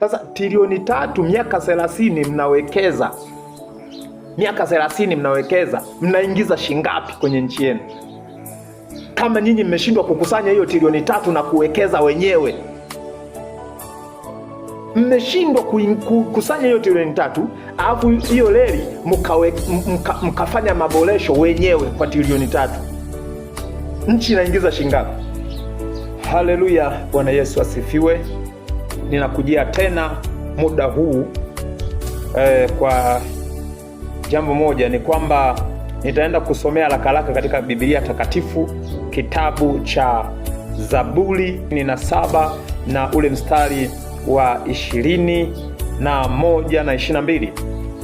Sasa trilioni tatu miaka thelathini mnawekeza, miaka thelathini mnawekeza, mnaingiza shingapi kwenye nchi yenu? Kama nyinyi mmeshindwa kukusanya hiyo trilioni tatu na kuwekeza wenyewe, mmeshindwa kukusanya hiyo trilioni tatu, alafu hiyo reli mkafanya maboresho wenyewe kwa trilioni tatu, nchi inaingiza shingapi? Haleluya! Bwana Yesu asifiwe ninakujia tena muda huu eh, kwa jambo moja ni kwamba nitaenda kusomea rakaraka katika Biblia Takatifu kitabu cha Zaburi na saba na ule mstari wa ishirini na moja na ishirini na mbili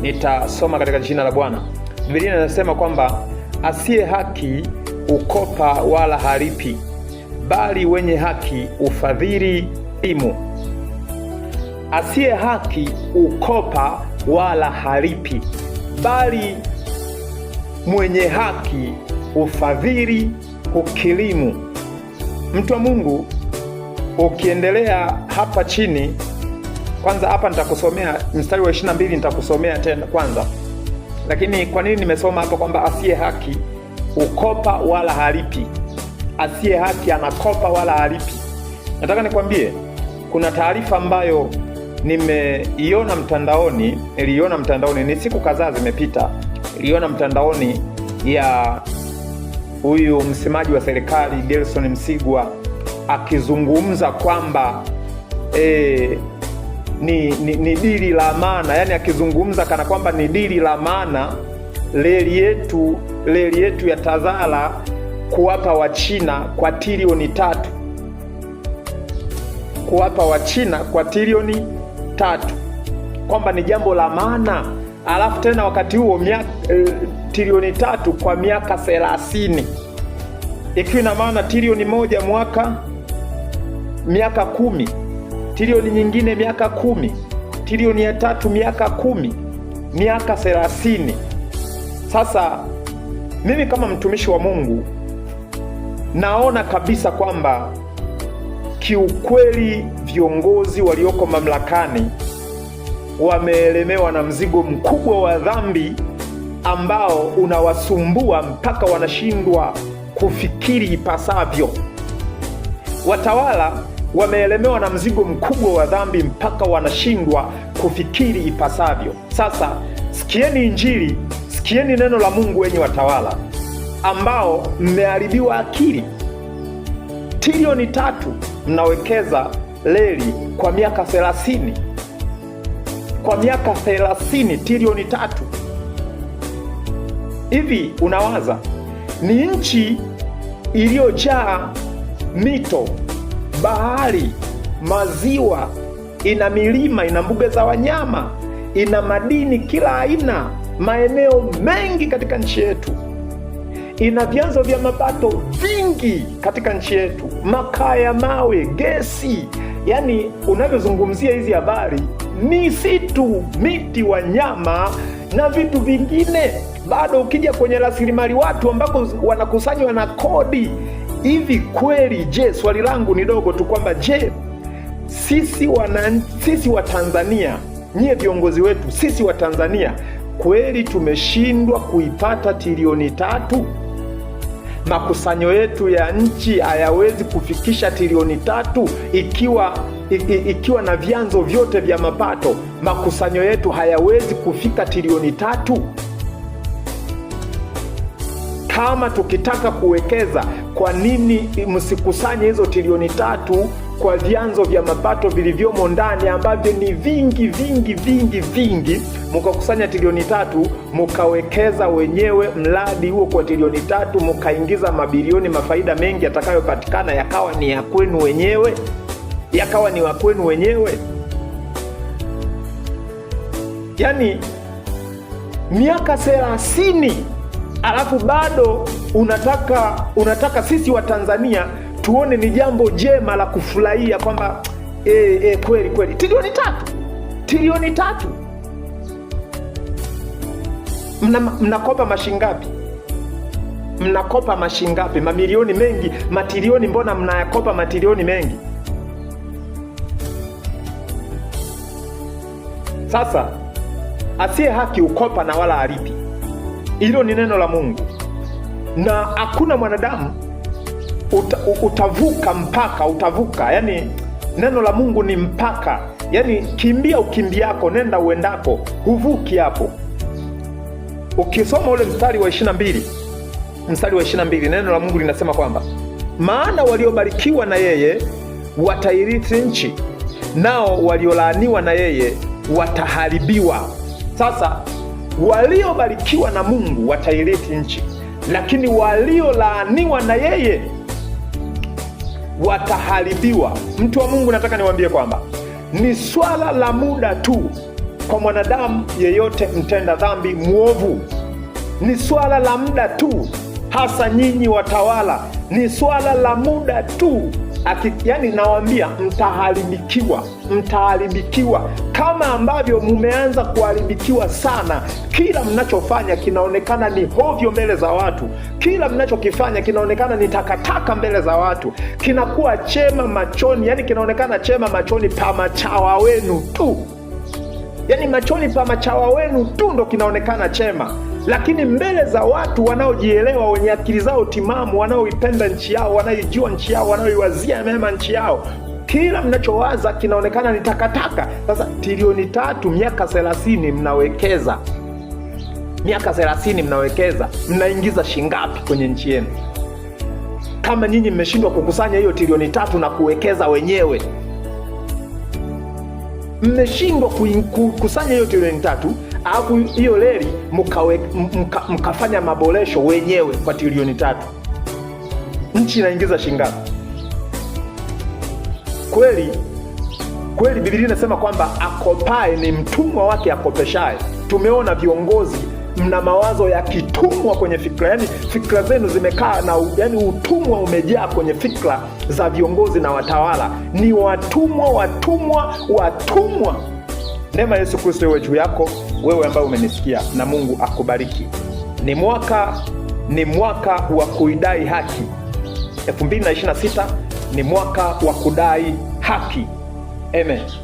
nitasoma katika jina la Bwana. Biblia inasema kwamba asiye haki ukopa wala haripi, bali wenye haki ufadhili imu Asiye haki ukopa wala halipi, bali mwenye haki ufadhili ukilimu Mtu wa Mungu, ukiendelea hapa chini, kwanza hapa nitakusomea mstari wa 22, nitakusomea tena kwanza. Lakini kwa nini nimesoma hapo kwamba asiye haki ukopa wala halipi? Asiye haki anakopa wala halipi. Nataka nikwambie kuna taarifa ambayo nimeiona mtandaoni, niliona mtandaoni, ni siku kadhaa zimepita, niliona mtandaoni ya huyu msemaji wa serikali Gerson Msigwa akizungumza kwamba e, ni, ni, ni dili la maana, yani akizungumza kana kwamba ni dili la maana reli yetu reli yetu ya Tazara kuwapa Wachina kwa trilioni tatu kuwapa Wachina kwa trilioni tatu kwamba ni jambo la maana alafu tena wakati huo miaka e, eh, trilioni tatu kwa miaka thelathini ikiwa ina maana trilioni moja mwaka miaka kumi trilioni nyingine miaka kumi trilioni ya tatu miaka kumi miaka thelathini sasa mimi kama mtumishi wa Mungu naona kabisa kwamba kiukweli viongozi walioko mamlakani wameelemewa na mzigo mkubwa wa dhambi ambao unawasumbua mpaka wanashindwa kufikiri ipasavyo. Watawala wameelemewa na mzigo mkubwa wa dhambi mpaka wanashindwa kufikiri ipasavyo. Sasa sikieni Injili, sikieni neno la Mungu, wenye watawala ambao mmeharibiwa akili. Trilioni tatu mnawekeza reli kwa miaka thelathini, kwa miaka thelathini trilioni tatu. Hivi unawaza ni nchi iliyojaa mito, bahari, maziwa, ina milima, ina mbuga za wanyama, ina madini kila aina, maeneo mengi katika nchi yetu ina vyanzo vya mapato vingi katika nchi yetu, makaa ya mawe, gesi. Yani unavyozungumzia hizi habari, misitu, miti, wanyama na vitu vingine. Bado ukija kwenye rasilimali watu ambako wanakusanywa na kodi, hivi kweli, je, swali langu ni dogo tu kwamba je, sisi wana, sisi wa Tanzania, nyie viongozi wetu, sisi wa Tanzania kweli tumeshindwa kuipata trilioni tatu? makusanyo yetu ya nchi hayawezi kufikisha trilioni tatu ikiwa ikiwa na vyanzo vyote vya mapato makusanyo yetu hayawezi kufika trilioni tatu. Kama tukitaka kuwekeza, kwa nini msikusanye hizo trilioni tatu? kwa vyanzo vya mapato vilivyomo ndani ambavyo ni vingi vingi vingi vingi, mukakusanya trilioni tatu, mukawekeza wenyewe mradi huo kwa trilioni tatu, mukaingiza mabilioni mafaida mengi yatakayopatikana yakawa ni ya kwenu wenyewe, yakawa ni wa kwenu wenyewe. Yani miaka thelathini alafu bado unataka unataka sisi tanzania tuone ni jambo jema la kufurahia kwamba e, e, kweli kweli trilioni tatu trilioni tatu mna, mnakopa mashingapi mnakopa mashingapi mamilioni mengi matilioni mbona mnayakopa matilioni mengi sasa asiye haki ukopa na wala aripi hilo ni neno la mungu na hakuna mwanadamu uta, utavuka mpaka, utavuka. Yani neno la Mungu ni mpaka, yani kimbia ukimbiako, nenda uendako, huvuki hapo. Ukisoma ule mstari wa ishirini na mbili mstari wa ishirini na mbili neno la Mungu linasema kwamba maana waliobarikiwa na yeye watairithi nchi, nao waliolaaniwa na yeye wataharibiwa. Sasa waliobarikiwa na Mungu watairithi nchi, lakini waliolaaniwa na yeye wataharibiwa. Mtu wa Mungu, nataka niwaambie kwamba ni swala la muda tu kwa mwanadamu yeyote mtenda dhambi mwovu, ni swala la muda tu, hasa nyinyi watawala, ni swala la muda tu. Aki, yani nawambia mtaharibikiwa, mtaharibikiwa kama ambavyo mumeanza kuharibikiwa sana. Kila mnachofanya kinaonekana ni hovyo mbele za watu, kila mnachokifanya kinaonekana ni takataka mbele za watu, kinakuwa chema machoni, yani kinaonekana chema machoni pa machawa wenu tu, yani machoni pa machawa wenu tu ndo kinaonekana chema lakini mbele za watu wanaojielewa, wenye akili zao timamu, wanaoipenda nchi yao, wanaoijua nchi yao, wanaoiwazia mema nchi yao kila mnachowaza kinaonekana ni takataka. Sasa trilioni tatu miaka thelathini mnawekeza, miaka thelathini mnawekeza, mnaingiza shingapi kwenye nchi yenu? Kama nyinyi mmeshindwa kukusanya hiyo trilioni tatu na kuwekeza wenyewe, mmeshindwa kukusanya hiyo trilioni tatu alafu hiyo reli mkafanya maboresho wenyewe kwa trilioni tatu, nchi inaingiza shingapi? Kweli kweli, Biblia inasema kwamba akopae ni mtumwa wake akopeshaye. Tumeona viongozi mna mawazo ya kitumwa kwenye fikra, yani fikra zenu zimekaa na yani utumwa umejaa kwenye fikra za viongozi na watawala. Ni watumwa, watumwa, watumwa. Neema Yesu Kristo iwe juu yako wewe ambaye umenisikia, na Mungu akubariki. Ni mwaka ni mwaka wa kuidai haki 2026 ni mwaka wa kudai haki. Amen.